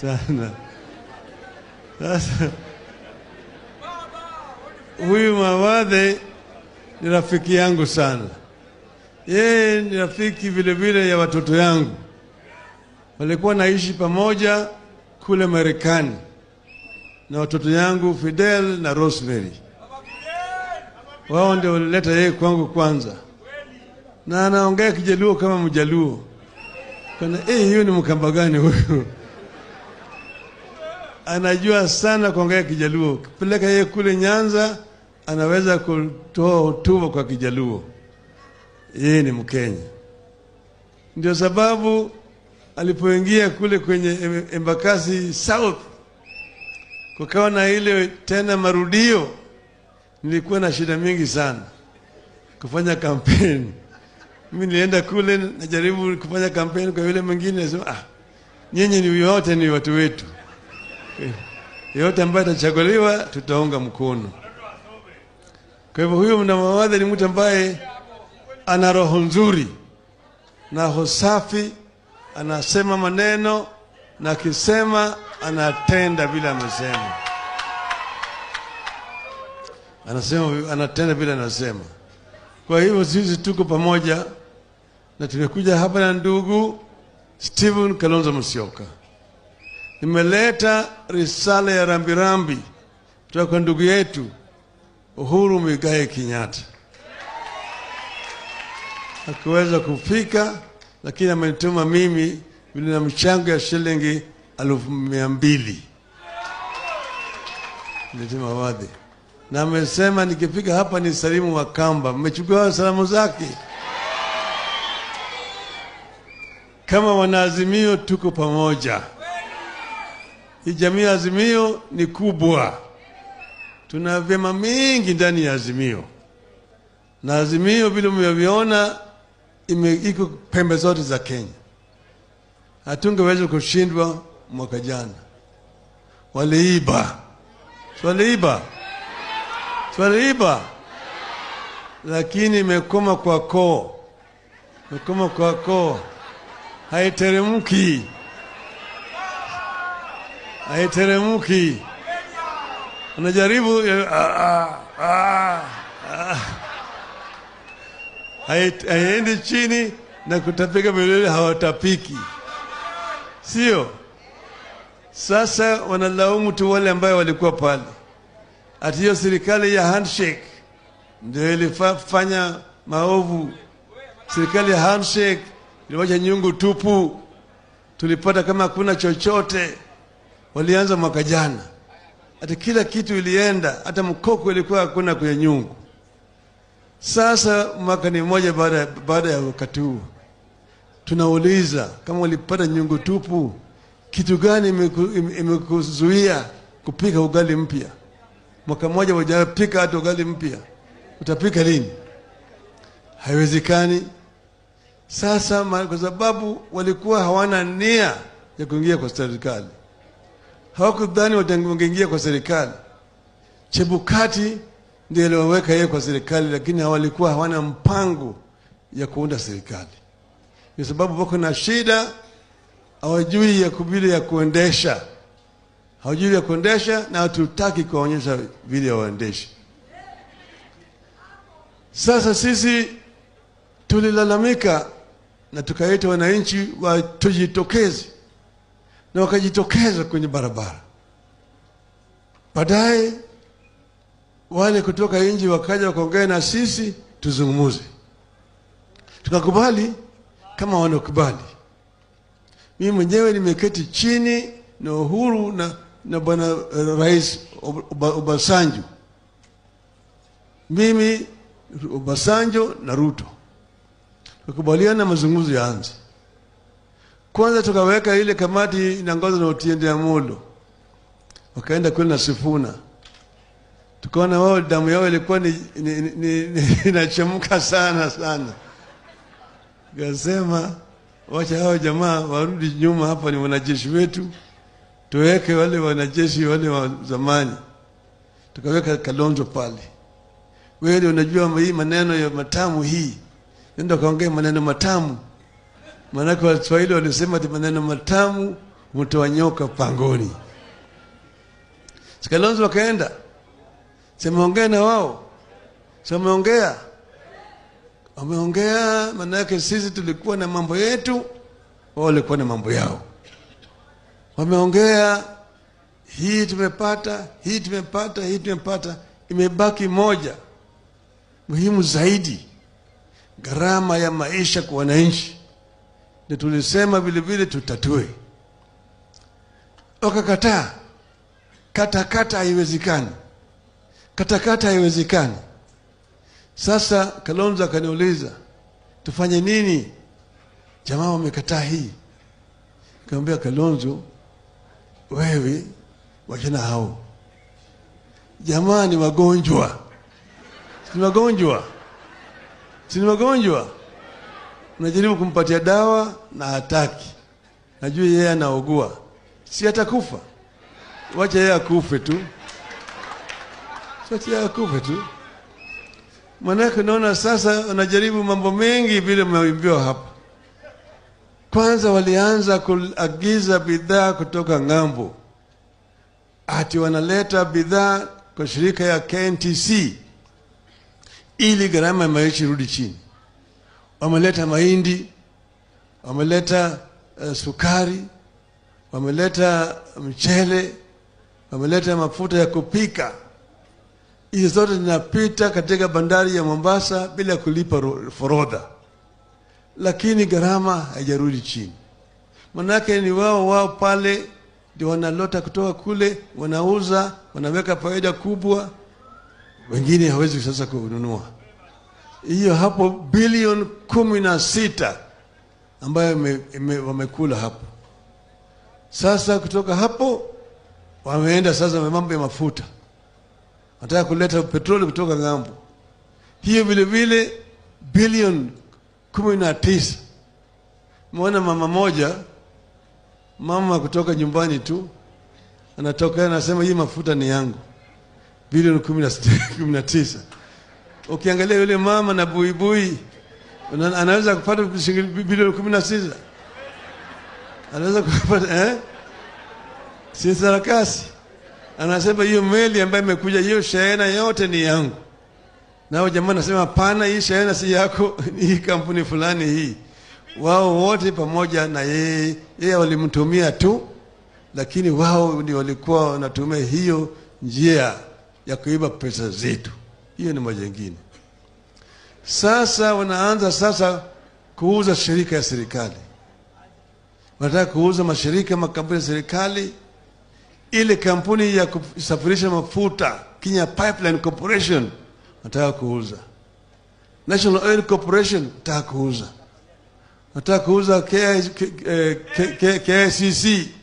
ça, Sasa huyu Mawadhe ni rafiki yangu sana, yeye ni rafiki vile vile ya watoto yangu. Walikuwa naishi pamoja kule Marekani na watoto yangu Fidel na Rosemary, wao ndio walileta yeye kwangu kwanza, na anaongea Kijaluo kama Mjaluo. Kana eh, hiyo ni Mkamba gani huyu? anajua sana kuongea Kijaluo. kipeleka yeye kule Nyanza, anaweza kutoa hotuba kwa Kijaluo. Yeye ni Mkenya, ndio sababu alipoingia kule kwenye Embakasi South kukawa na ile tena marudio. Nilikuwa na shida mingi sana kufanya kampeni. Mimi nilienda kule najaribu kufanya kampeni kwa yule mwingine, nasema ah, nyinyi ni wote ni watu wetu. Eh, yote ambaye atachaguliwa tutaunga mkono. Kwa hivyo huyo mnamawadha ni mtu ambaye ana roho nzuri na roho safi, anasema maneno na akisema anatenda vile amesema, anasema anatenda vile anasema. Kwa hivyo sisi tuko pamoja na tumekuja hapa na ndugu Stephen Kalonzo Musyoka. Nimeleta risala ya rambirambi kutoka kwa ndugu yetu Uhuru Muigai Kenyatta. Hakuweza kufika, lakini amenituma mimi vile na mchango ya shilingi elfu mia mbili nitimawadi na amesema nikifika hapa ni salimu wa kamba. Mmechukua salamu zake. Kama wanaazimio, tuko pamoja. Hii jamii ya Azimio ni kubwa, tuna vyama mingi ndani ya Azimio na Azimio vile mmeviona iko pembe zote za Kenya. Hatungeweza kushindwa mwaka jana, waliiba, waliiba, waliiba, lakini imekoma kwa koo, imekoma kwa koo, haiteremki haiteremuki, anajaribu eh, ah, ah, ah, haiendi chini na kutapika milele, hawatapiki, sio? Sasa wanalaumu tu wale ambayo walikuwa pale, ati hiyo serikali ya handshake ndio ilifanya maovu. Serikali ya handshake iliwacha nyungu tupu, tulipata kama hakuna chochote walianza mwaka jana, hata kila kitu ilienda, hata mkoko ilikuwa hakuna kwenye nyungu. Sasa mwaka ni mmoja baada baada ya wakati huu, tunauliza kama ulipata nyungu tupu, kitu gani imekuzuia kupika ugali mpya? Mwaka mmoja hujapika hata ugali mpya, utapika lini? Haiwezekani. Sasa kwa sababu walikuwa hawana nia ya kuingia kwa serikali hawakudhani wangeingia kwa serikali. Chebukati ndio aliwaweka yeye kwa serikali, lakini hawalikuwa hawana mpango ya kuunda serikali, kwa sababu wako na shida, hawajui ya kubili ya kuendesha, hawajui ya kuendesha, na hatutaki kuwaonyesha vile waendeshe. Sasa sisi tulilalamika na tukaita wananchi watujitokeze na wakajitokeza kwenye barabara. Baadaye wale kutoka nje wakaja wakaongea na sisi tuzungumuze, tukakubali kama wanakubali. Mimi mwenyewe nimeketi chini na Uhuru na, na bwana uh, Rais Obasanjo, mimi Obasanjo na Ruto, tukakubaliana mazungumzo yaanze. Kwanza tukaweka ile kamati inaongozwa na Otiende Amolo, wakaenda kule na Sifuna, tukaona wao oh, damu yao ilikuwa ni, ni, ni, ni, inachemka sana sana. Kasema wacha hao jamaa warudi nyuma, hapa ni wanajeshi wetu, tuweke wale wanajeshi wale wa zamani. Tukaweka Kalonzo pale, wewe unajua hii maneno ya matamu hii, nenda kaongea maneno matamu Maanake Waswahili walisema ati maneno matamu mtoa nyoka pangoni. Sikalonzo wakaenda semeongea na wao, semeongea wameongea. Maanake sisi tulikuwa na mambo yetu, wao walikuwa na mambo yao. Wameongea hii tumepata, hii tumepata, hii tumepata, imebaki moja muhimu zaidi, gharama ya maisha kwa wananchi na tulisema vile vile tutatue, wakakataa. Katakata haiwezekani, katakata haiwezekani. Sasa Kalonzo akaniuliza tufanye nini, jamaa wamekataa hii. Nikamwambia Kalonzo, wewe wachana hao jamaa, ni wagonjwa, si ni wagonjwa, si ni wagonjwa Unajaribu kumpatia dawa na hataki, najua yeye anaugua, si atakufa? Wacha yeye akufe tu, wacha yeye akufe tu. Manake unaona sasa, unajaribu mambo mengi vile umeambiwa hapa. Kwanza walianza kuagiza bidhaa kutoka ng'ambo, ati wanaleta bidhaa kwa shirika ya KNTC ili gharama ya maisha irudi chini wameleta mahindi, wameleta uh, sukari, wameleta mchele, wameleta mafuta ya kupika. Hizo zote zinapita katika bandari ya Mombasa bila kulipa forodha, lakini gharama haijarudi chini. Manake ni wao wao pale ndio wanalota kutoka kule, wanauza, wanaweka faida kubwa, wengine hawezi sasa kununua hiyo hapo bilioni kumi na sita ambayo wamekula hapo. Sasa kutoka hapo wameenda sasa mambo ya mafuta, wanataka kuleta petroli kutoka ng'ambo. Hiyo vile vile bilioni kumi na tisa. Mwona mama moja, mama kutoka nyumbani tu anatoka, anasema hii mafuta ni yangu, bilioni kumi na tisa. Ukiangalia yule mama na buibui una, anaweza kupata bilioni kumi na sita anaweza kupata eh? si sarakasi. Anasema hiyo meli ambayo imekuja hiyo shehena yote ni yangu. Nao jamaa anasema hapana, hii shehena si yako, ni hii kampuni fulani hii. Wao wote pamoja na yeye, yeye walimtumia tu, lakini wao ndio walikuwa wanatumia hiyo njia ya kuiba pesa zetu. Hiyo ni moja nyingine. Sasa wanaanza sasa kuuza shirika ya serikali, wanataka kuuza mashirika makampuni ya serikali. Ile kampuni ya kusafirisha mafuta Kenya Pipeline Corporation wanataka kuuza, National Oil Corporation nataka kuuza, nataka kuuza KICC